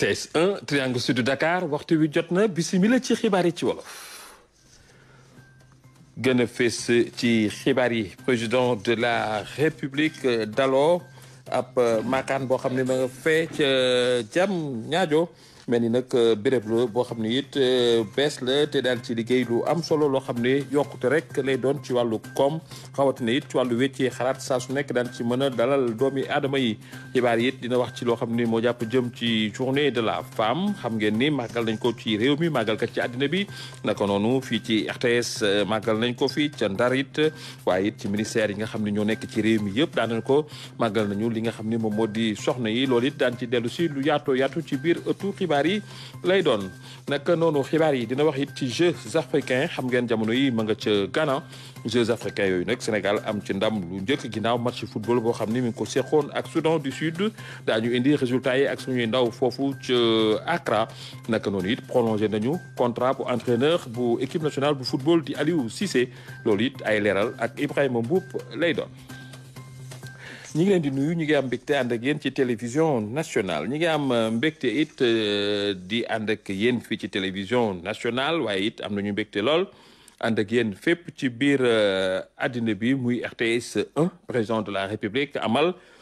RTS 1 triangle sud de Dakar waxtu wi Bissimile na bisimila ci xibaar ci wolof ci président de la république euh, d'alors ab euh, makan boo xam ne nga mel ni nag euh, béréb boo xam ne it euh, bees la te daal ci liggéey lu am solo loo xam ne yokkute rek lay doon ci wàllu koom xawatina it ci wàllu wéccee xalaat saa su nekk daal ci mën a dalal doomi aadama yi xibaar yi dina wax ci loo xam ne moo jàpp jëm ci journée de la femme xam ngeen ni màggal nañ ko ci réew mi màggal ka ci àddina bi naka noonu fii ci RTS euh, màggal nañ ko fii ca Ndar it waaye ci ministère yi nga xam ne ñoo nekk ci réew mi yëpp daan nañ ko màggal nañu li nga xam ni moom moo di soxna yi loolu it daan ci dellu si lu yaatoo yaatu ci biir ëttu xibaar xibaar yi lay doon de noonu xibaar yi dina wax it ci Jeux africains xam ngeen jamono yi Ghana Jeux africains yooyu nag Sénégal am ci ndam lu njëkk ginnaaw match football boo xam ni mi ngi ko seqoon ak Soudan du Sud daañu indi résultats yi ak suñuy ndaw foofu ci Accra naka noonu it prolongé nañu contrat pour entraîneur bu équipe nationale bu football di Aliou Cissé loolu it ay leeral ak Ibrahima Mboup lay ñi ngi leen di nuyu ngi télévision nationale ñi ngi euh, it euh, di télévision nationale waaye it am lool RTS euh, 1 président de la République amal.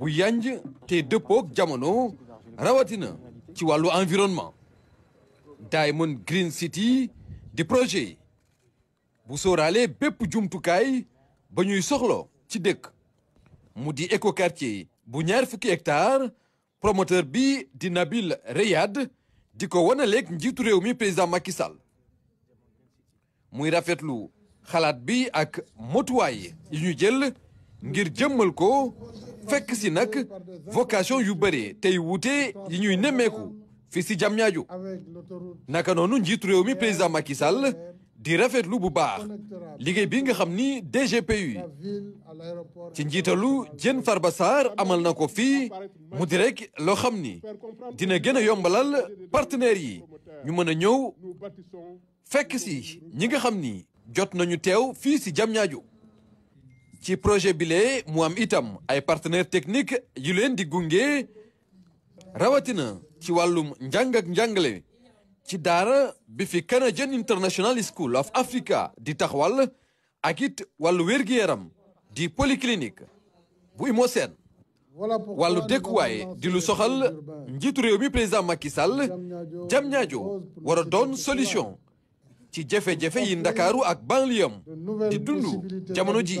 bu yanj te dëppook jamono rawatina ci wàllu environnement Diamond Green City di projet yi bu sóoraale bépp jumtukaay ba ñuy soxlo ci dëkk mu di éco quartier bu ñaar fukki hectare promoteur bi di Nabil Reyad di ko wanaleeg njiitu réew mi président Macky Sall muy rafetlu xalaat bi ak motuwaay yi ñu jël ngir jëmmal ko fekk si nak vocation yu bare tay wuute yi ñuy nemmeeku fi si Diamniadio naka nonu njiitu réew mi président Macky Sall di rafetlu bu baax DGPU ci njitalu amal na fi mu di rek dina yombalal yi ñu ñëw fekk si ñi nga jot nañu fisi fii ci projet bile mu am itam ay partenaires technique yi leen di gunge rawatina ci wàllum njàng ak njàngale ci daara bi fi Canadian International School of Africa di taxawal ak it wàllu wérgi yaram di polyclinique bu Imosène wàllu dëkkuwaay di lu soxal njiitu réew mi président Macky Sall jam ñaajo war a doon solution ci jafe-jafe yi Ndakaaru ak banlieue di dund jamono ji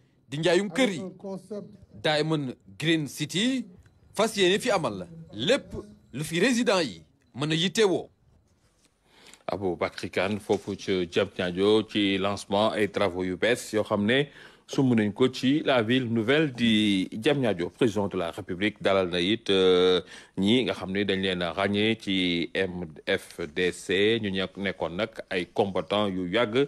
di Diamond Green City fas fi amal Lep, lu fi résident yi mën a yittewoo. Aboubacry Kane lancement et travaux UPS, bees yoo xam la ville nouvelle du Diamniadio président de la république dalal na ni euh, ñi nga xam dañ leen ragné ci MFDC ñu nekkon nak ay combattants yu yag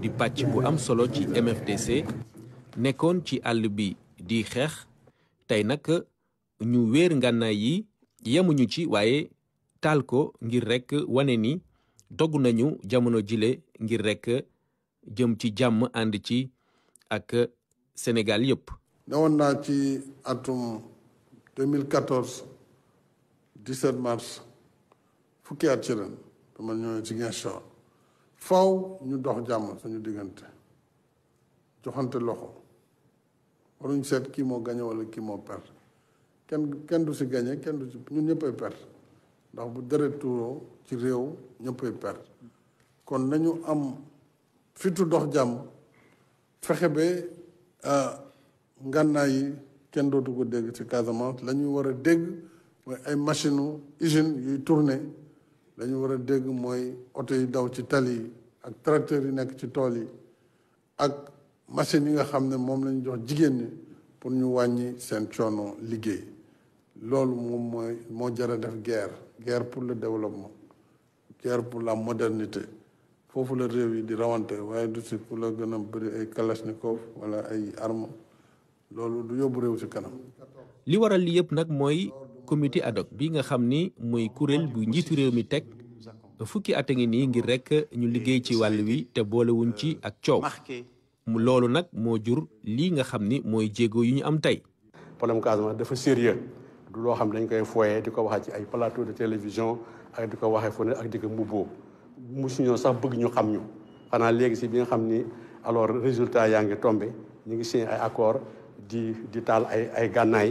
di pàcc bu am solo ci MFDC nekkoon ci àll bi di xeex tey nag ñu wéer ngànnaay yi yemuñu ci waaye taal ko ngir rekk wane ni dogg nañu jamono jile ngir rekk jëm ci jàmm ànd ci ak senegal yépp newoon naa ci atum 2014 fukki at ci ren te man ñoo ci Ziguinchor faw ñu dox jàmm suñu diggante joxante loxo waruñ seet kii moo gañe wala kii moo perte kenn kenn du si gañe kenn du si ñun ñëppay per ndax bu deret tuuroo ci réew ñëppay perte kon nañu am fitu dox jàmm fexe ba euh, ngànnaay yi kenn dootu ko dégg ci Casamance lañuy ñuy war a dégg mooy ay machine usine yuy tourner la war a dégg mooy oto yi daw ci tali yi ak tracteur yi nekk ci tool yi ak machine yi nga xam ne moom la jox jigéen ñi pour ñu wàññi seen coono liggéey loolu moom mooy moo jar def guerre guerre pour le développement guerre pour la modernité foofu la réew yi di rawante waaye du si ku la gën a bëri ay kalachnikov wala ay arme loolu du yóbbu réew si kanam. li waral li yëpp nag mooy comité ad hoc bii nga xam ni mooy kuréel bu njiitu réew mi teg fukki at a ngi nii ngir rek ñu liggéey ci wàll wi te boolewuñ ci ak coow mu loolu nag moo jur lii nga xam ni mooy jéego yu ñu am tey. problème Casamance dafa sérieux du loo xam ne dañ koy fooyee di ko waxee ci ay plateau de télévision ak di ko waxee fu ne ak di ko mbubboo musu ñoo sax bëgg ñu xam ñu xanaa léegi si bi nga xam ni alors résultat yaa ngi tombe ñu ngi signé ay accord di di taal ay ay gànnaay.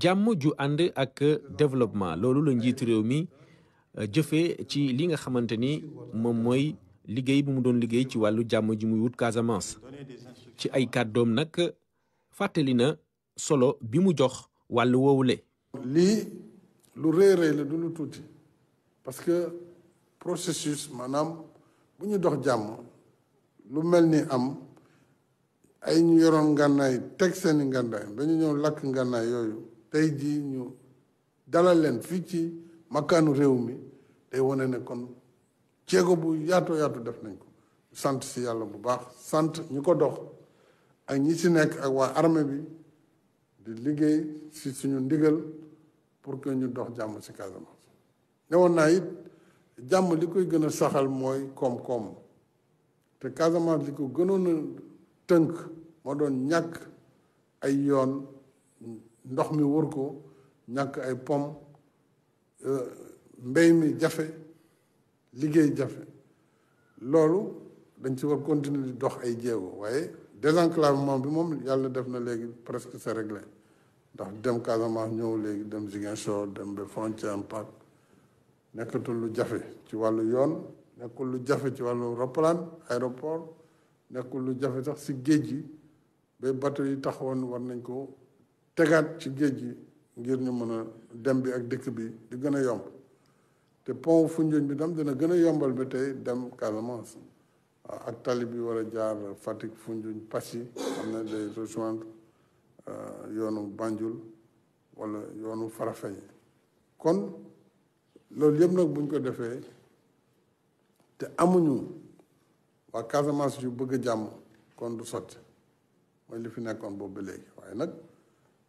jàmm ju ànd ak développement loolu la njiitu réew mi euh, jëfe ci li nga xamante ni moom mooy liggéey bi mu doon liggéey ci wàllu jàmm ju muy wut Casamance ci ay kàddoom nag fàttali na solo bi mu jox wàllu woowule. lii lu rëy rëy la du lu tuuti parce que processus maanaam bu ñu dox jàmm lu mel ni am ay ñu yoroon ngànnaay teg seeni ngànnaay dañu ñëw lakk ngànnaay yooyu. tey jii ñu dalal leen fii ci makkaanu réew mi day wane ne kon jéego bu yaatu yaatu def nañ ko sant si yàlla bu baax sant ñu ko dox ak ñi ci nekk ak waa armée bi di liggéey si suñu ndigal pour que ñu dox jàmm si Casamance ne woon it jàmm li koy gën a saxal mooy koom-koom te Casamance li ko gënoon a tënk moo doon ñàkk ay yoon ndox mi wër ko ñàkk ay pom euh, mbéy mi jafe liggéey jafe loolu dañ si war continuer di dox ay jéego waaye désenclavement bi moom yàlla def na léegi presque c'est réglé ndax dem Casamance ñëw léegi dem Ziguinchor dem ba frontière park nekkatul lu jafe ci wàllu yoon nekkul lu jafe ci wàllu roppalaan aéroport nekkul lu jafe sax si géej gi ba bateau yi taxawoon war nañ ko tegaat ci géej gi ngir ñu mën a dem bi ak dëkk bi di gën a yomb te pont Foundiougne bi tam dina gën a yombal ba tey dem Casamance ak tali bi war a jaar Fatick funjuñ Passy xam ne day rejoindre euh, yoonu Banjul wala yoonu Farafeñ kon loolu yëpp nag buñ ko defee te amuñu waa Casamance yu bëgg jàmm kon du sotti mooy li fi nekkoon boobu léegi waaye nag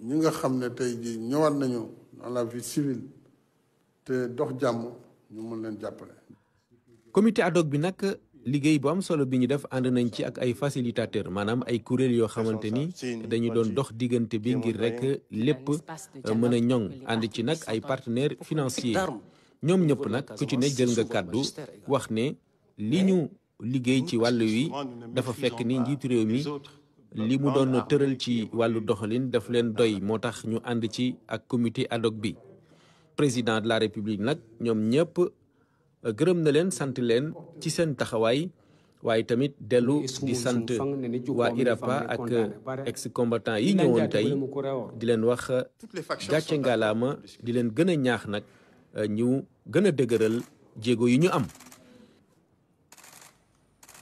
ñi nga xam ne tey jii ñëwaat nañu la vie civile te dox jàmm ñu mën leen jàppale. comité ad bi nag liggéey bu am solo bi ñu def ànd nañ ci ak ay facilitateur maanaam ay kuréel yoo xamante ni dañu doon dox diggante bi ngir rek lépp euh, mën a ñoŋ ànd ci nag ay partenaires financiers ñoom ñëpp nag ku ci ne jël nga kàddu wax ne li ñu liggéey ci wàll wi dafa fekk ni njiitu réew mi li mu doon tëral ci wàllu doxaliin daf leen doy moo tax ñu ànd ci ak comité ad bi président de la république nag ñoom ñëpp euh, gërëm na leen sant leen ci seen taxawaay waaye tamit dellu di sant waa IRAPA ak euh, ex combattant yi ñëwoon tey di leen wax gàcce ngalaama di leen gën a ñaax nag euh, ñu gën a dëgëral jéego yi ñu am.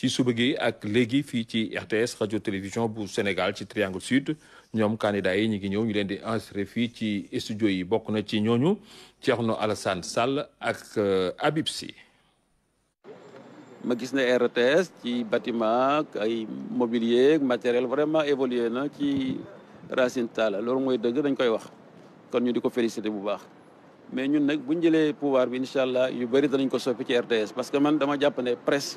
ci suba ak léegi fi ci RTS radio télévision bu Sénégal ci Triangle Sud ñom candidat yi ñi ngi ñew ñu leen di enregistrer fi ci studio yi bokk na ci ñoñu Thierno Alassane Sall ak euh, Habib Sy. ma gis na RTS ci bâtiment ak ay mobilier matériel vraiment évolué na ci Racine Talla loolu moy deug dañ koy wax kon ñu diko féliciter bu baax. mais ñun nak bu ñu jëlee pouvoir bi inshallah allah yu bëri danañ ko soppi ci RTS parce que man dama japp né presse.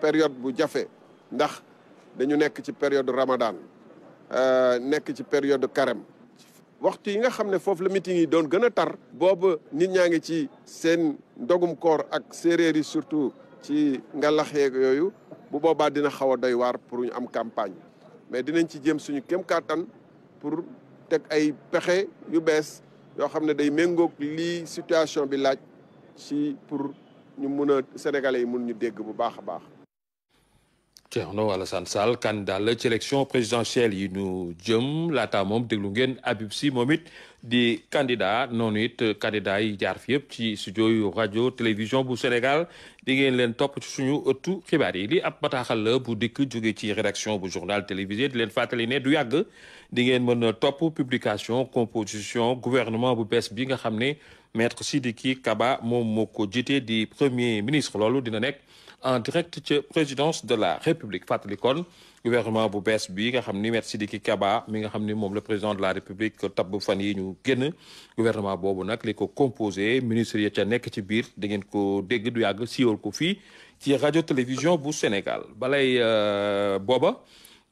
période bu jafe ndax dañu nekk ci période Ramadan euh, nekk ci période carême waxtu yi nga xam ne foofu la meeting yi doon gën a tar booba nit ñaa ngi ci seen ndogum koor ak séeréer yi surtout ci ngalax yeeg yooyu bu boobaa dina xaw a doy waar pour ñu am campagne mais dinañ ci jéem suñu kem kàttan pour teg ay pexe yu bees yoo xam ne day méngoog lii situation bi laaj ci pour ñu mun sénégalais yi mun ñu dégg bu baax a baax. Thierno Alassane Sall candidat la ci élection présidentielle yi ñu jëm ta mom déglu ngène Habib Sy moom di candidat noonu it euh, candidat yi jaar fi yëpp ci studio yu rajo télévision bu Sénégal di ngeen leen topp ci suñu ëttu xibaar yi li ab bataaxal la bu dikk jóge ci rédaction bu journal télévisé di leen fàttali ne du yàgg di ngeen mën a topp publication composition gouvernement bu bees bi nga xam ne maître Sidiki Kaba moom moo ko jiite di premier ministre loolu dina nekk en direct ci présidence de la république fàttali kon gouvernement bu bees bi nga xam ni Kaba mi nga xam ni moom le président de la république Tabu fan yi ñu génn gouvernement boobu nag li ko composé ministre ya ca nekk ci biir da ngeen ko dégg du yàgg siiwal ko fii ci radio télévision bu Sénégal balay euh, booba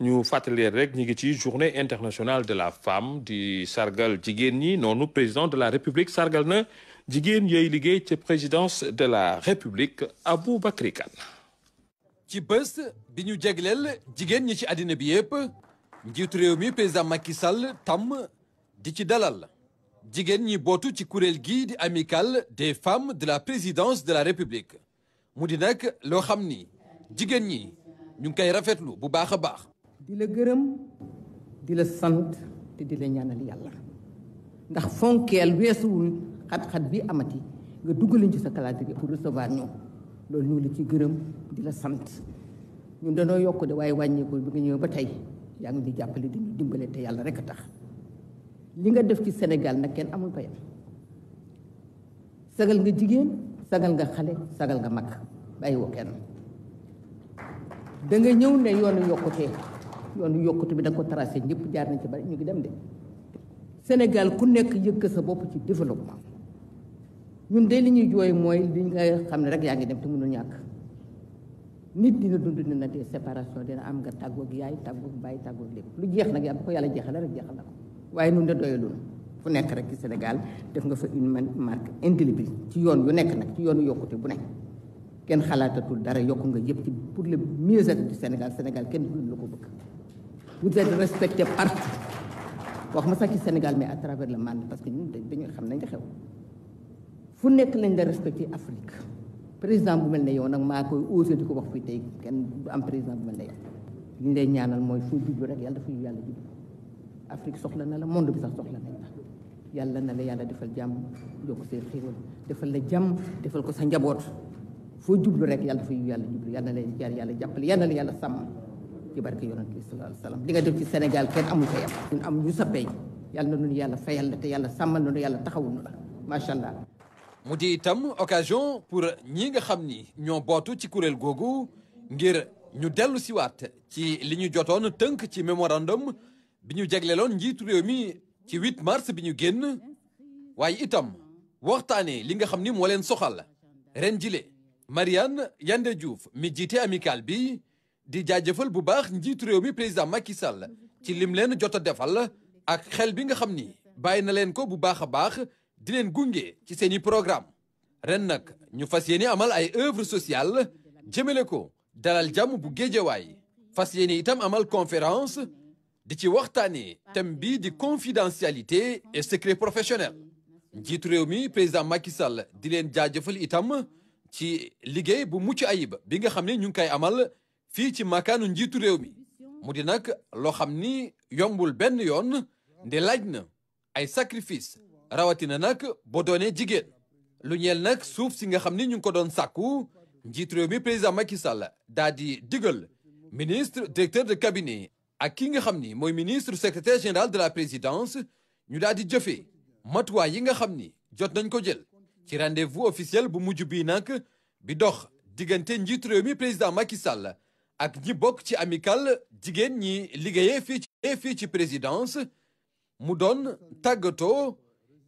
ñu fàttali rek ñu ngi ci journée internationale de la femme du sargal jigéen ñi noonu président de la république sargal na jigéen yooyu liggéey ci présidence de la république bakri Kane ci bés bi ñu jegleel jigéen ñi ci àddina bi yépp njiitu réew mi président Macky tam di ci dalal jigéen ñi bootu ci kuréel gii di amical des femmes de la présidence de la république mu di nag loo xam ni jigéen ñi ñu ngi koy rafetlu bu baax a di la gërëm di la sant te di la ñaanal yàlla ndax fonkeel weesuwul xat-xat bi amati nga duggaluñ ci sa calendrier pour recevoir ñu loolu ñu la ci gërëm di la sant ñu danoo yokk waaye wàññeeku bi nga ñëw ba tey yaa di jàppale di dimbale te yàlla rek a tax li nga def ci Sénégal nag kenn amul payam sagal nga jigéen sagal nga xale sagal nga mag bàyyi woo kenn da nga ne yoonu yokkutee yoonu yokkute bi da ko tracé ñëpp jaar nañ ci bari ñu ngi dem de Sénégal ku nekk ka sa bopp ci développement ñun de li ñuy jooy mooy li nga xam ne rek yaa ngi dem te mënul ñàkk nit dina dund na de séparation dina am nga tàggoog yaay tàggoog bàyyi tàggoog lépp lu jeex nag yàlla bu ko yàlla rek jeexal na ko waaye nun de doyalul fu nekk rek ci Sénégal def fa une marque indélébile ci yoon yu nekk nag ci yoonu yokkute bu nekk kenn xalaatatul dara yokk nga yëpp ci pour le mieux ci du Sénégal Sénégal kenn du la ko bëgg vous êtes respecté partout wax ma sax ci Sénégal mais à travers le monde parce que ñun dañuy xam nañ xew fu nekk nañ la respecté Afrique président bu mel ne yow nag maa koy osé di ko wax fii tey kenn du am président bu mel ne li ñu lay ñaanal mooy foo rek yàlla dafa yàlla jublu Afrique soxla na la monde bi sax soxla nañ la yàlla na la yàlla defal jàmm yokk seen xéewal defal la jàmm defal ko sa njaboot foo jublu rek yàlla dafa yàlla jublu yàlla na la yàlla jàppale yàlla na la yàlla sàmm ci barke yonent bi sallallahu alayhi wasallam li nga def ci Sénégal kenn amul sa am ñu sa pay yàlla na nu yàlla fayal la te yàlla sàmmal na yàlla taxawul la macha allah mu itam occasion pour ñi nga xamni ni ñoo ci courel googu ngir ñu ci wat ci liñu ñu teunk ci memorandum biñu jéglélon jagleeloon njiitu réew mi ci 8 mars biñu génn waaye itam waxtané li nga xamni mo moo leen soxal ren jile Mariane Yande Diouf mi jité amical bi di jaajëfal bu baax njiitu réew mi président Macky Sall ci lim leen jot defal ak xel bi nga xamni bayina leen ko bu baaxa baax di leen gunge ci seen i programme ren nag ñu fas yéene amal ay œuvre sociale jëmale ko dalal jàmm bu géejawaay fas yéene itam amal conférence di ci waxtaanee thème bi di confidentialité et secret professionnel njiitu réew mi président Macky Sall di leen jaajëfal itam ci liggéey bu mucc ayib bi nga xam ne ñu ngi koy amal fii ci makaanu njiitu réew mi mu di nag loo xam ni yombul benn yoon nde laaj na ay sacrifice rawatina Bodone bo doonee jigéen lu ñeel nak suuf si nga xamni ñu ko doon président Macky Sall dadi ministre directeur de cabinet ak ki nga xamni ministre secrétaire général de la présidence ñu Jeffy, di jëfee yi nga xamni jot nañ ko jël ci rendez-vous officiel bu mujju bi nak bi dox njit mi président Macky Sall ak ñi bok ci ñi présidence mu Tagoto.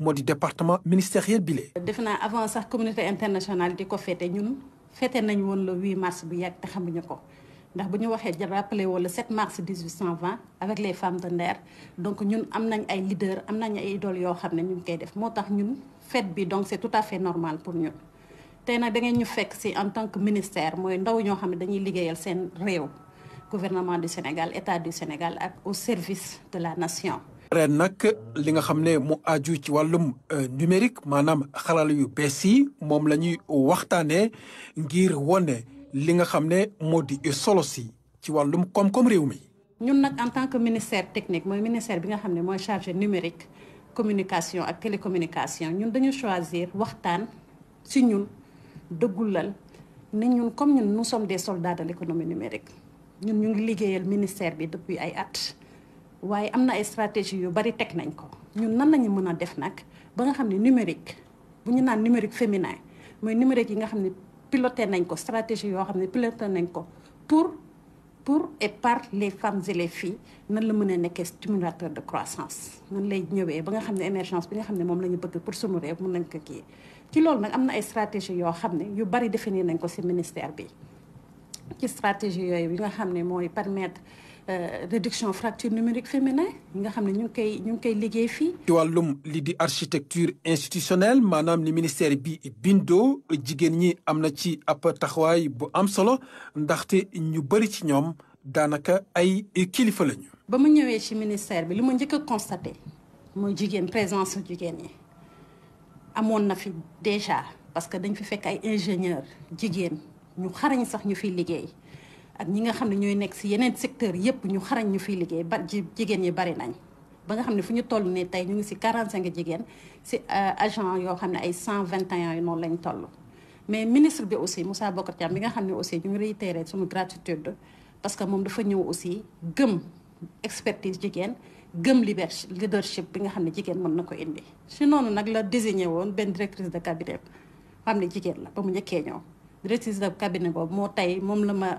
moo du département ministériel bilé. avant sax communauté internationale di ko fête ñun fête nañ le 8 mars bu yàgg rappelé le 7 mars 1820 avec les femmes de donc ñun am nañ ay leaders am nañ ay idoles yoo xam ne ñu ngi def fête bi donc c'est tout à fait normal pour nous. tey nag da en tant que ministère Nous ndaw ñoo xam gouvernement du Sénégal état du Sénégal au service de la nation ren nak li nga xam ne mu aju ci walum euh, numérique manam xalal yu bees yi moom la ñuy ngir woné li nga xam modi moo solo si ci walum koom-koom réew mi. ñun nak en tant que ministère technique moy ministère bi nga xam moy chargé numérique communication ak télécommunication ñun dañu choisir waxtaan ci ñun deggulal ni ñun comme ñun nous sommes des soldats de l'économie numérique ñun ñu ngi liggéeyal ministère bi depuis ay at waaye am na ay stratégie yu bari teg nañ ko ñun nan lañu mën a def nag ba nga xam ne numérique bu ñu naan numérique féminin mooy numérique yi nga xam ne piloté nañ ko stratégie yoo xam ne piloté nañ ko pour pour et par les femmes et les filles nan la mën a nekkee stimulateur de croissance nan lay ñëwee ba nga xam ne émergence bi nga xam ne moom la ñu bëgg pour sunu réew mën nañ ko kii ci loolu nag am na ay stratégie yoo xam ne yu bari définir nañ ko ci ministère bi ci stratégie yooyu yi nga xam ne mooy permettre euh, réduction fracture numérique féminin nga xam ñu ngi koy ñu ngi koy liggéey fi ci walum li di architecture institutionnelle maanaam li ministère bi bindo jigen ñi amna ci ap taxway bu am solo ndaxte ñu bari ci ñom danaka ay kilifa lañu. ba mu ñëwé ci ministère bi luma jëk njëkk a constaté mooy jigéen présence jigen ñi amoon na fi déjà parce que dañ fi fekk ay ingénieur jigen ñu xarañ sax ñu fi liggéey. ak ñi nga xam ne ñooy nekk si yeneen secteur yëpp ñu xarañ ñu fiy liggéey ba jigéen ñi bari nañ ba nga xam ne fu ñu toll nii tey ñu ngi si 45 jigéen si euh, agent yoo xam ne ay 121 yu noonu lañ toll. mais ministre bi aussi musaa Bocar Thiam bi nga xam ne aussi ñu ngi réitéré suñu gratitude parce que moom dafa ñëw aussi gëm expertise jigéen gëm leadership bi nga xam ne jigéen mën na ko indi. si noonu nag la désigné woon benn directrice de cabinet xam ne jigéen la ba njëkkee ñëw directrice de boobu moo tey moom la ma.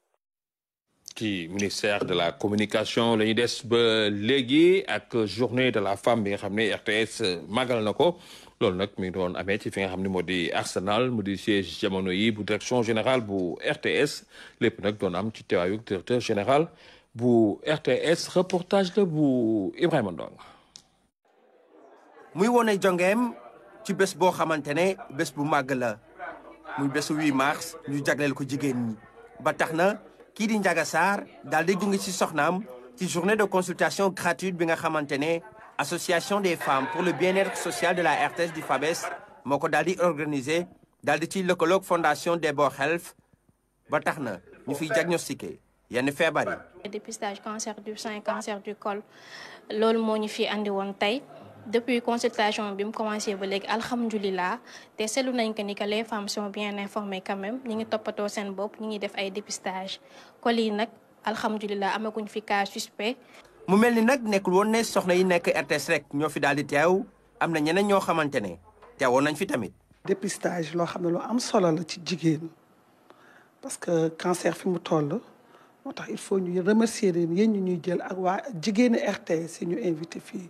ci ministère de la communication le ñu des ba léegi ak journée de la femme bi nga RTS Magal nako ko nak mi ngi doon amee ci fi nga xamné modi Arsenal modi di siège jamono yi bu direction générale bu RTS lepp nak doon am ci téwayu directeur général bu RTS reportage de bu Ibrahim Ndong muy woné jongem ci bés bo xamante ne bu Magal. muy bésu 8 mars ñu jagleel ko jigéen ñi ba taxna kii di Ndiaga Sarr daal ci journée de consultation gratuite bi nga association des femmes pour le bien-être social de la RTS du FABES Mokodali ko daal di organiser daal di fondation Debor Health ba tax na ñu fiy diagnostiqué yenn feebar Le dépistage cancer du sein cancer du col lol moo ñu fi andi depuis consultation bi mu commencé ba léegi alhamdulilah te seetlu nañ que ni que les femmes sont bien informées quand même ñu ngi toppatoo seen bopp ñu ngi def ay dépistage col yi nag alhamdulilah amaguñ fi cas suspect. mu mel ni nag nekkul woon ne soxna yi nekk RTS rek ñoo fi daal di teew am na ñeneen ñoo xamante ne fi tamit. dépistage lo xam lo am solo la ci jigéen parce que cancer fi mu toll motax il faut ñu remercier leen ñu ñuy jël ak wa jigéenu RT ci ñu inviter fi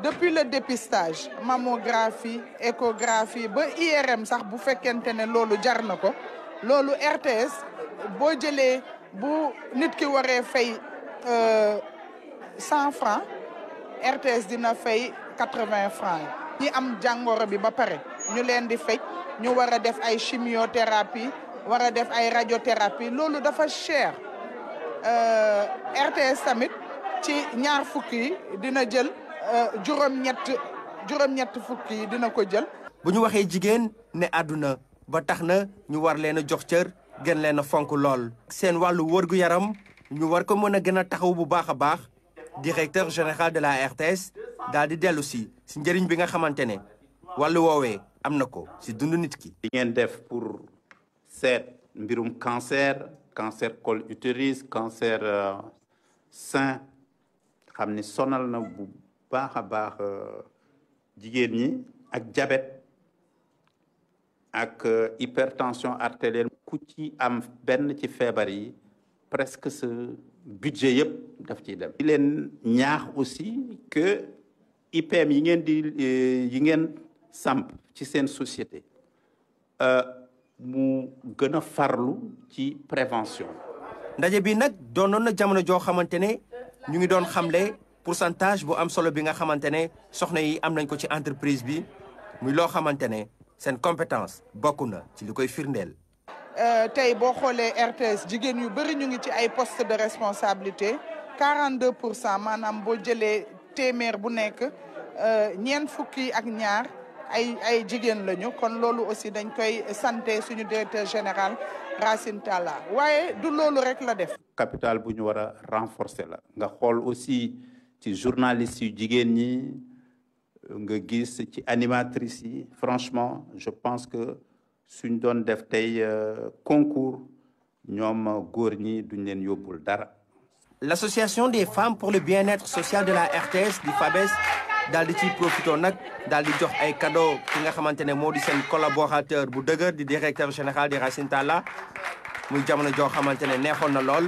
depuis le dépistage mammographie échographie ba IRM sax bu qu'il y ait un na RTS boo jëlee bu nit ki waree fay 100 euh, francs RTS dina fay 80 francs ñi am jangoro bi ba pare ñu leen di faj ñu wara def ay chimiothérapie wara def ay radiothérapie lolu dafa cher euh, RTS tamit ci ñaar fukki dina jël euh, juróom-ñett juróom-ñett fukk dina ko jël. bu ñu waxee jigéen ne àdduna ba tax na ñu war leen a jox cër gën leen a fonk lool. seen wàllu wërgu yaram ñu war ko mën a gën a taxaw bu baax a baax directeur général de la RTS daal di dellu si si njëriñ bi nga xamante ne wàllu woowee am na ko si dund nit ki. li ngeen def pour seet mbirum cancer cancer col utérus cancer euh, sein xam ni sonal na bu baax a baax euh, jigéen ñi ak diabète ak euh, hypertension artérielle ku ci am benn ci feebar yi presque ce budget yëpp daf ciy dem di leen ñaax aussi que IPM yi ngeen di euh, yi ngeen samp ci seen société mu gën a farlu ci prévention ndaje bi nag doonoon na jamono joo xamante ne ñu ngi doon xamle pourcentage bu am solo bi nga xamantene soxna yi am nañ ko ci entreprise bi muy lo xamantene sen compétence bokk na ci likoy koy euh tay bo xolé RTS jigen yu bëri ñu ngi ci ay poste de responsabilité 42 manam bo maanaam témèr jëlee téeméer bu nekk euh, ñeent fukki ak ñaar. ay ay jigen lañu kon lolu aussi dañ koy santé suñu directeur général Racine Talla waye du loolu rek la def. capital bu ñu wara renforcer la nga xol aussi ci journalistes yu jigéen ñi nga gis ci animatrices yi franchement je pense que suñ doon def tey euh, concours ñoom góor ñi duñ leen yóbbul dara. l'association des femmes pour le bien-être social de la RTS di FABES dal di ci profité nag dal di jox ay cadeau ki nga xamante ne moo di seen collaborateur bu dëgër di directeur général di Racine Talla muy jamono joo xamante ne neexoon na lool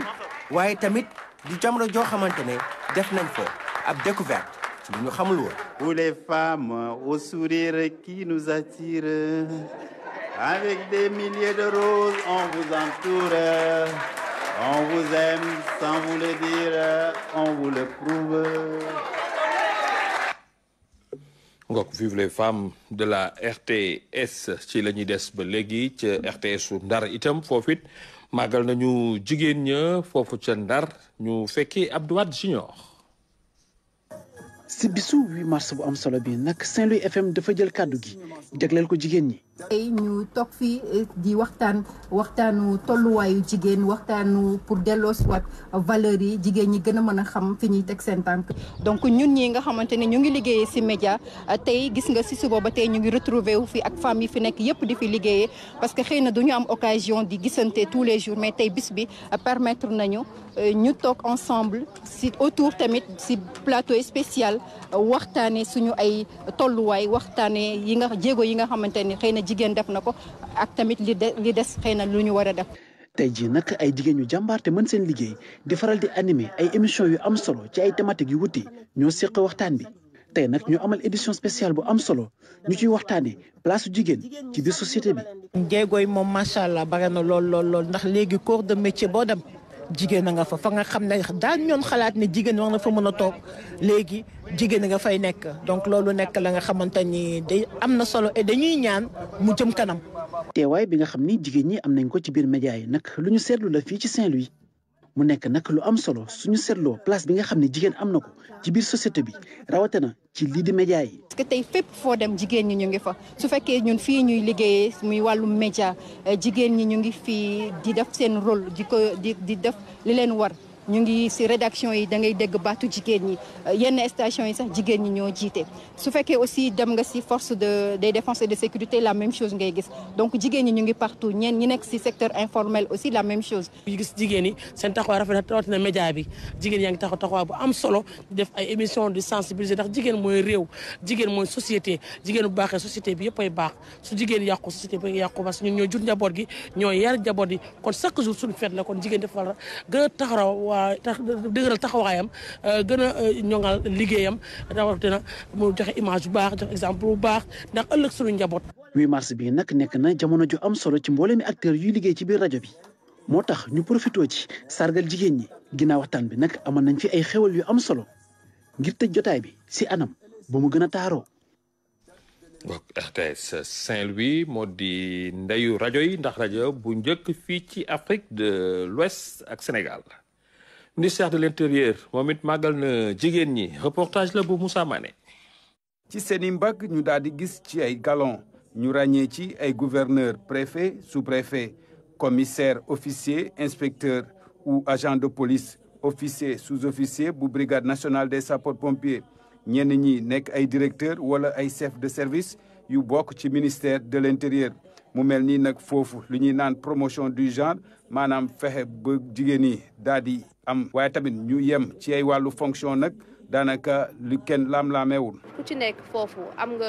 waaye tamit di jamono joo xamante ne def nañ fa ab découverte Pour les femmes au sourire qui nous attire avec des milliers de roses on vous entoure on vous aime sans vous le dire on vous le prouve. vive les femmes de la RTS ci la des ba légui ci RTS Ndar itam fofit magal nañu jigen ña foofu ca Ndar ñu fekki Abdou Junior si bisu 8 mars bu am solo bi nag Saint-Louis FM dafa jël kàddu gi jagleel ko jigéen ñi Nous ñu tok fi eh, di waxtaan waxtaanu tolluwaayu waxtaanu pour delloosiwaat valeur yi jigéen ñi gën a xam fi ñuy pour donc ñun nga ñu gis nga fi ak fi di parce que occasion di tous les jours mais bis bi euh, permettre nañu euh, ñu ensemble autour tamit plateau spécial euh, suñu ay yi nga yi nga jigéen def na ko ak tamit li de li des xëy na lu ñu war a def. tey jii nag ay jigéen ñu jàmbaar te mën seen liggéey di faral di animer ay émissions yu am solo ci ay thématiques yu wuti ñoo seq waxtaan bi tey nag ñu amal édition spéciale bu am solo ñu ciy waxtaanee place jigéen ci biir société bi. jéego yi moom macha allah bare na lool lool lool ndax léegi corps de métier boo dem. jigéen a nga fa fa nga xam ne daal ñoon xalaat ne jigéen war na fa mën a toog léegi jigéen a nga fay nekk donc loolu nekk la nga xamante ni day am na solo et dañuy ñaan mu jëm kanam. te teewaay bi nga xam ni jigéen ñi am nañ ko ci biir média yi nag lu ñu seetlu la fii ci Saint-Louis. mu nekk nag lu am solo suñu seetloo place bi nga xam ne jigéen am na ko ci biir société bi rawatina ci lii di média yi. parce que tey fépp foo dem jigéen ñi ñu ngi fa su fekkee ñun fii ñuy liggéeyee muy wàllu média jigéen ñi ñu ngi fii di def seen rôle di ko di di def li leen war. ñu ngi si rédaction yi da ngay dégg battu jigéen ñi euh, yenn station yi sax jigéen ñi ñoo jiite su fekkee aussi dem nga si force de des défenses et de sécurité la même chose ngay gis donc jigéen ñi ñu ngi partout ñeen ñi nekk si secteur informel aussi la même chose ñu gis jigéen yi seen taxawaay rafet na média bi jigéen yaa ngi taxaw taxawaay bu am solo def ay émission de sensibiliser ndax jigéen mooy réew jigéen mooy société jigéen bu baaxee société bi yëpp ay baax su jigéen yàqu société bi yàqu parce que ñun ñoo jur njaboot gi ñoo yar njaboot gi kon chaque jour suñu fête la kon jigéen dafa war a a taxaw taxawaay tax dëgëral taxawaayam euh, gën a euh, ñoŋal liggéeyam rawatina mu joxe image bu baax joxe exemple bu baax ndax ëllëg suñu njaboot. 8 mars bi nag nekk na jamono ju am solo ci mboolemi acteur yuy liggéey ci biir rajo bi moo tax ñu profité ci sargal jigéen ñi ginnaaw waxtaan bi nag amoon nañ fi ay xewal yu am solo ngir tëj jotaay bi si anam ba mu gën a taaroo. RTS Saint-Louis moo di ndeyu rajo yi ndax rajo bu njëkk fii ci Afrique de l'Ouest ak Sénégal. ministère de l'intérieur Womit Magalne Djigeni, reportage le Boumoussa Moussa Mané. ci seeni mbagg ñu daal gis galon ñu ràññee ci ay gouverneur préfet sous-préfet commissaire officier inspecteur ou agent de police officier sous-officier bu brigade nationale des sapeurs-pompiers ñenn ñi nekk ay directeur wala ay chef de service yu Bok ci ministère de l'intérieur mu nek Fofu l'union promotion du genre Madame fexe Djigeni, Dadi. am waaye tamit ñu yem ci ay wàllu fonction nag daanaka lu kenn laam-laameewul ku ci nekk foofu am nga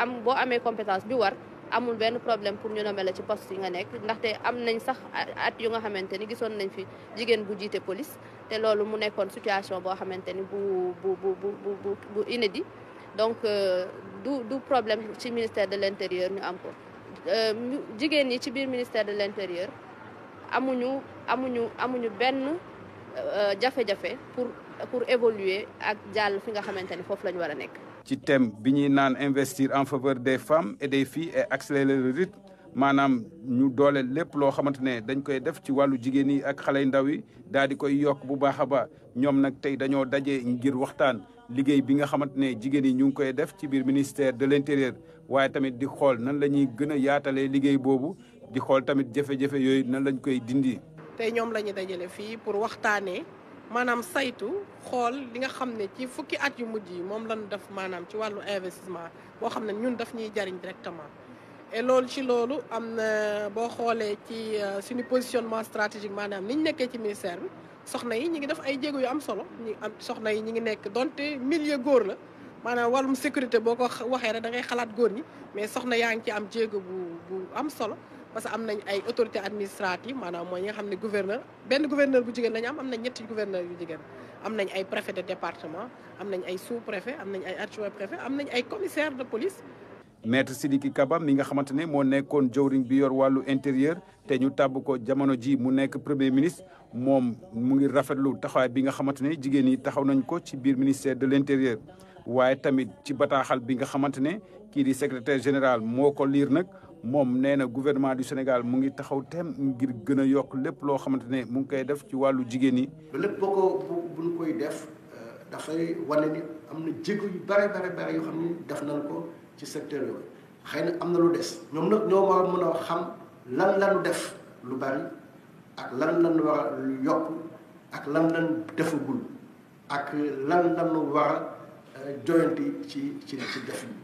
am boo amee compétence bi war amul benn problème pour ñu nommer la ci poste yi nga nekk ndaxte am nañ sax at yu nga xamante ni gisoon nañ fi jigéen bu jiite police te loolu mu nekkoon situation boo xamante ni bu bu bu bu bu inédit donc euh, du problème ci ministère de l'intérieur ñu am ko euh, jigéen ñi ci biir ministère de l'intérieur amuñu amuñu amuñu benn Euh, jafe-jafe pour pour évoluer ak jàll fi nga xamante ne foofu la nekk. ci thème bi ñuy naan investir en faveur des femmes et des filles et accélérer le rythme maanaam ñu doole lépp loo xamante ne dañ koy def ci wàllu jigéen yi ak xale ndaw yi daal di koy yokk bu baax a baax ñoom nag tey dañoo daje ngir waxtaan liggéey bi nga xamante ne jigéen yi ñu ngi koy def ci biir ministère de l'intérieur waaye tamit di xool nan la ñuy gën a yaatalee liggéey boobu di xool tamit jafe-jafe yooyu nan lañ koy dindi. tey ñoom la ñu dajale fii pour waxtaanee maanaam saytu xool li nga xam ne ci fukki at yu mujj yi moom lañu def maanaam ci wàllu investissement boo xam ne ñun daf ñuy jariñ directement. et loolu ci loolu am na boo xoolee ci euh, suñu positionnement stratégique maanaam ni ñu nekkee ci ministère bi soxna yi ñu ngi def ay jéego yu am solo ñu am soxna yi ñu ngi nekk donte milieu góor la maanaam wàllum sécurité boo ko waxee rek da ngay xalaat góor ñi mais soxna yaa ngi ci am jéego bu bu am solo. parce que am nañ ay autorité administrative maanaam mooy nga xam ne gouverneur benn gouverneur bu jigéen lañu am am nañ ñetti gouverneur yu jigéen am nañ ay préfet de département am nañ ay sous préfet am nañ ay adjoint préfet am nañ ay commissaire de police maître Sidiki Kaba mi nga xamante ne moo nekkoon jawriñ bi yor wàllu intérieur te ñu tàbb ko jamono ji mu nekk premier ministre moom mu ngi rafetlu taxawaay bi nga xamante ne jigéen yi taxaw nañ ko ci biir ministère de l'intérieur waaye tamit ci bataaxal bi nga xamante ne kii di secrétaire général moo ko liir nag moom nee na gouvernement du Sénégal mu ngi taxaw teem ngir gën a yokk lépp loo xamante ne mu ngi koy def ci wàllu jigéen yi. lépp boo ko bu buñ koy def euh, dafay wane ni am na jéego yu bare bare bare yoo xam ni def nañ ko ci secteur yooyu xëy na am na lu des. ñoom nag ñoo war a mën a xam lan lañu def lu bari ak lan lañu war a yokk ak lan lañu defagul ak lan lañu war a euh, joyanti ci ci ci def yi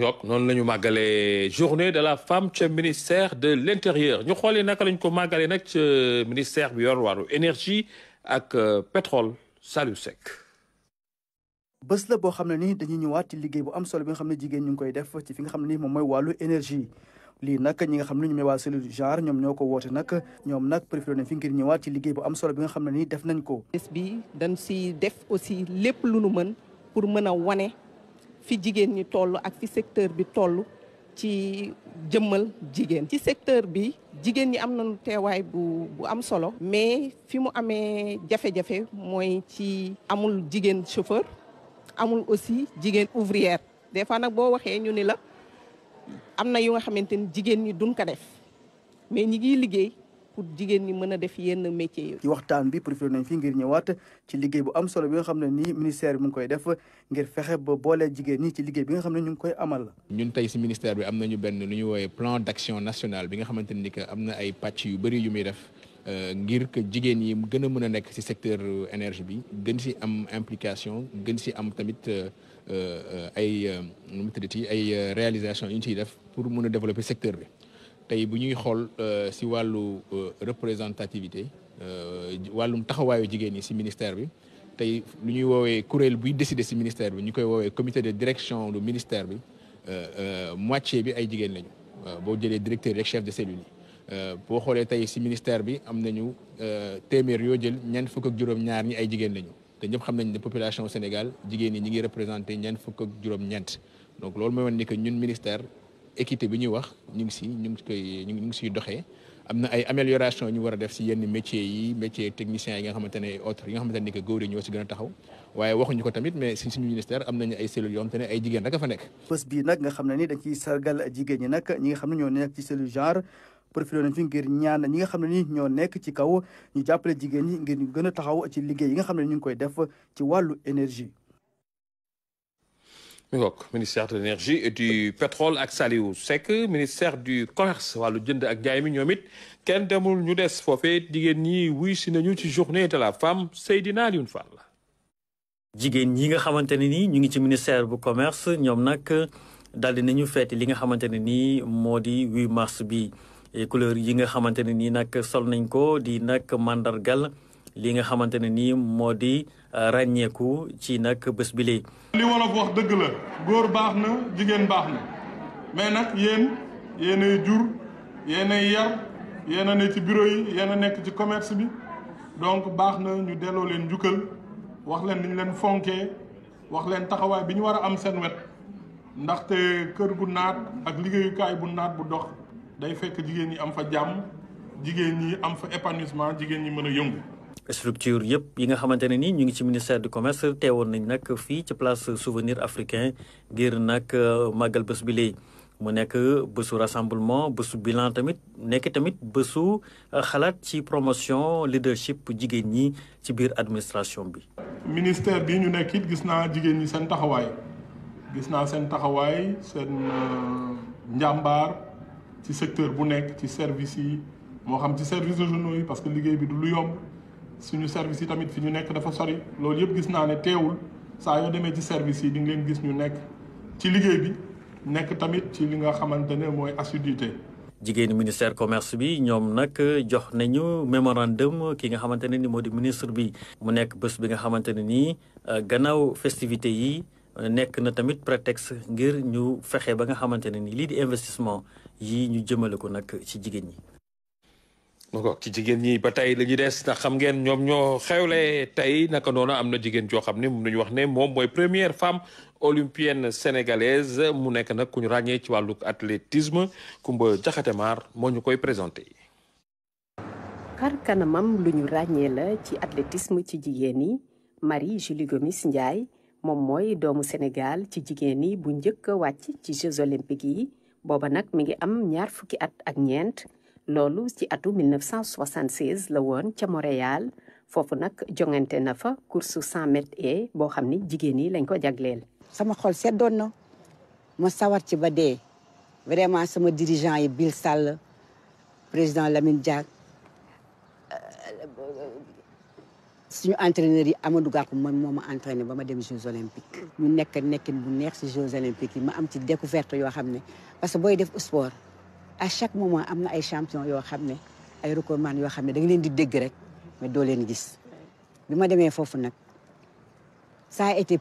ngook noonu la ñu journée de la femme ca ministère de l'intérieur. intérieur ñu xoolee naka lañ ko màggalee nag euh, ministère bi yor wàllu énergie ak euh, pétrole Saliou sec. bés la boo xam ne ni dañuy ñëwaat ci liggéey bu am solo bi nga xam ne jigéen ñu ngi koy def ci fi nga xam ne ni moom énergie lii nag ñi nga xam ñu may waa genre ñoom ñoo ko woote nag ñoom nag préféré na fi ngir ñëwaat ci liggéey bu am solo bi nga xam ne ni def nañ ko bés bi dañ si def aussi lépp lu nu mën pour mën a wane fi jigéen ñi toll ak fi secteur bi toll ci jëmmal jigéen. ci secteur bi jigéen ñi am nañu teewaay bu bu am solo. mais fi mu amee jafe-jafe mooy ci amul jigéen chauffeur amul aussi jigéen ouvrière des fois nag boo waxee ñu ni la am na yu nga xamante ni jigéen ñi duñ ko def mais ñi ngi liggéey. pour jigéen ñi mën a def yenn métiers yi. ci waxtaan bi préféré fii fi ngir ñëwaat ci liggéey bu am solo bi nga xam ne nii ministère bi mu ngi koy def ngir fexe ba boole jigéen ñi ci liggéey bi nga xam ne ñu ngi koy amal. ñun tey si ministère bi am nañu benn lu ñu woowee plan d' action national bi nga xamante ni que am na ay pàcc yu bëri yu muy def. Euh, ngir que jigéen yi gën a mën a nekk ci secteur énergie bi gën ci am implication gën ci am tamit euh, euh, ay nu mu tuddati ay réalisation yu ñu ciy def pour mën a développer secteur bi T'ay bu ñuy xol euh, si walu euh, représentativité euh, Walum taxawayu jigéen ni si ministère bi T'ay lu ñuy wowe kuréel bu décider si ministère bi ñu wowe comité de direction du ministère bi moitié bi ay jigéen lañu bo jëlé directeur et chef de cellule euh bo xolé tay si ministère bi am nañu téeméer yo jël ñen fuk ak juroom ñaar ñi ay jigéen lañu te xam nañ né population Sénégal jigéen ni ñi ngi représenté ñen fuk ak juroom ñent donc loolu mooy wone que ñun ministère. équité bi ñuy wax ñu ngi si ñu ngi koy ñu ngi siy doxee am na ay amélioration ñu war a def si yenn métiers yi métier technicien yi nga xamante ne autres yi nga xamante ne que góor yi ñoo si gën a taxaw waaye waxuñu ko tamit suñu ministère am nañu ay cellules yoo xamante ne ay jigéen rek a fa nekk. bés bii nag nga xam ne ni dañ ciy sargal jigéen ñi nag ñi nga xam ne ñoo nekk ci cellule genre profilé nañ fi ngir ñaan ñi nga xam ne ni ñoo nekk ci kaw ñu jàppale jigéen ñi ngir ñu gën taxaw ci liggéey yi nga xam ne ñu ngi koy def ci wàllu énergie ministère de l'énergie et du pétrole ak Saliou Seck ministère du commerce walu jënd ak jaay mi ñoom it demul ñu des fofé digeen ñi wuy si nañu ci journée de la femme Seydina Alioune Fall jigéen yi nga xamanteni ni ñu ngi ci ministère du commerce nyomnak nag daldi nañu fété li nga xamanteni ne 8 mars bi couleur yi nga xamanteni ne sol nañ ko di nag gal li nga xamante ne nii moo di uh, ràññeeku ci nag bés bi li wolof wax dëgg la góor baax na jigéen baax na mais nag yéen yéenay jur yéenay yar yéen a ne ci bureau yi yéen a nekk ci commerce bi donc baax na ñu delloo leen njukkal wax leen ni ñu leen fonkee wax leen taxawaay bi ñu am seen wet ndaxte kër gu naat ak liggéeyukaay bu naat bu dox day fekk jigéen ñi am fa jàmm jigéen ñi am fa épanouissement jigéen ñi mën yëngu structure yëpp yi nga xamante ni ñu ngi ci ministère du commerce teewoon nañ nak fi ci place souvenir africain ngir nak euh, magal bés bi léegi mu nekk bésu rassemblement bésu bilan tamit nekk tamit bésu euh, xalat ci promotion leadership jigéen ñi ci biir administration bi. ministère bi ñu nekk it gis naa jigéen ñi seen taxawaay gis naa seen taxawaay seen euh, njàmbaar ci secteur bu nekk ci service yi moo xam ci service régionaux yi parce que liggéey bi du lu yomb. suñu service yi tamit fi ñu nekk dafa sori loolu yëpp gis naa ne teewul saa yoo demee ci service yi di nga leen gis ñu nekk ci liggéey bi nekk tamit ci li nga xamante ne mooy assiduité. jigéenu ministère commerce bi ñoom nag jox nañu mémorandum ki nga xamante ne ni moo di ministre bi mu nekk bés bi nga xamante ne nii euh, gannaaw festivité yi euh, nekk na tamit prétexte ngir ñu fexe ba nga xamante ne ni lii di investissement yi ñu jëmale ko nag ci jigéen ñi. ko ci jigéen ñi ba tey la des ndax xam ngeen ñoom ñoo xewle tey naka noonu am na jigéen joo xam ne mun nañu wax ne moom mooy première femme olympienne sénégalaise mu nekk nag ku ñu ràññee ci wàllu athlétisme Kumba Jaxate Maar moo ñu koy présenté. xar kanamam lu ñu la ci athlétisme ci jigéen yi Marie Julie Gomis Ndiaye moom mooy doomu Sénégal ci jigéen yi bu njëkk a ci Jeux olympiques yi booba nag mi ngi am ñaar fukki at ak ñeent. loolu ci atu 1976 la woon ca Montréal foofu nag jongante na fa course 100 mètres et boo xam ni jigéen yi lañ ko jagleel. sama xol seddoon na ma sawar ci ba dee vraiment sama dirigeant yi Bill Sall président Lamine Diack euh, suñu entraîneur yi Amadou Gakou moom moo ma entraîné ba ma dem Jeux olympiques. ñu nekk nekkin bu neex si Jeux olympiques yi ma am ci découverte yoo xam ne parce que booy def sport. à chaque moment am na ay champion yoo xam ne ay recordman yoo xam ne da leen di dégg rek mais doo leen gis bi ma demee foofu nag ça a été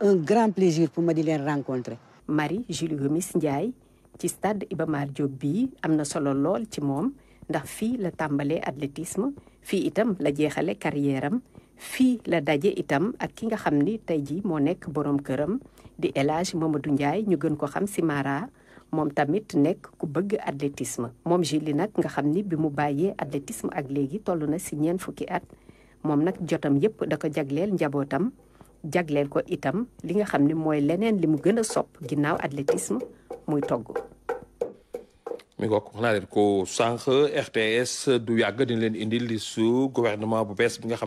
un grand plaisir pour ma di leen rencontrer. Marie Julie Gomis Ndiaye ci stade Iba Mar bii am na solo lool ci moom ndax fii la tàmbalee athlétisme fii itam la jeexale carrière am fii la daje itam ak ki nga xam ni tey jii moo nekk borom këram di El Hadj Mamadou Ndiaye ñu gën ko xam si Mara. moom tamit nekk ku bëgg athlétisme moom Julie nag nga xam ni bi mu bàyyee athlétisme ak léegi toll na si ñeent fukki at moom nag jotam yépp da ko jagleel njabootam jagleel ko itam li nga xam ni mooy leneen li mu gën a sopp ginnaaw athlétisme muy togg mi ngi wax ko RTS du yàgg dina indil gouvernement bu bees bi nga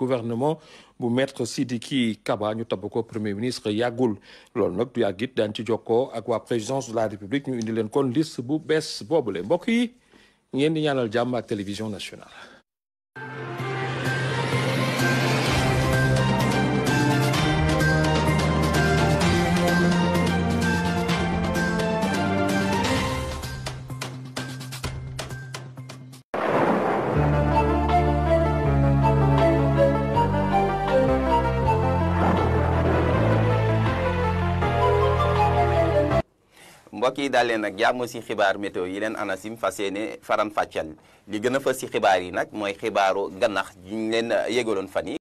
gouvernement bu maître Sidiki Kaba ñu tab ko premier ministre Yagul lool nak du yagit it ci joko ak wa présidence de la république ñu indi len kon liste bu bees boobule mbokk yi ngeen di ñaanal jamm ak télévision nationale. mbokk yi daal leen nag jàmm si xibaar météo yi leen ANACIM fas yéene faram fàcceel li gën a fës si xibaar yi nag mooy xibaaru ganax yi ñu leen yégaloon fan yi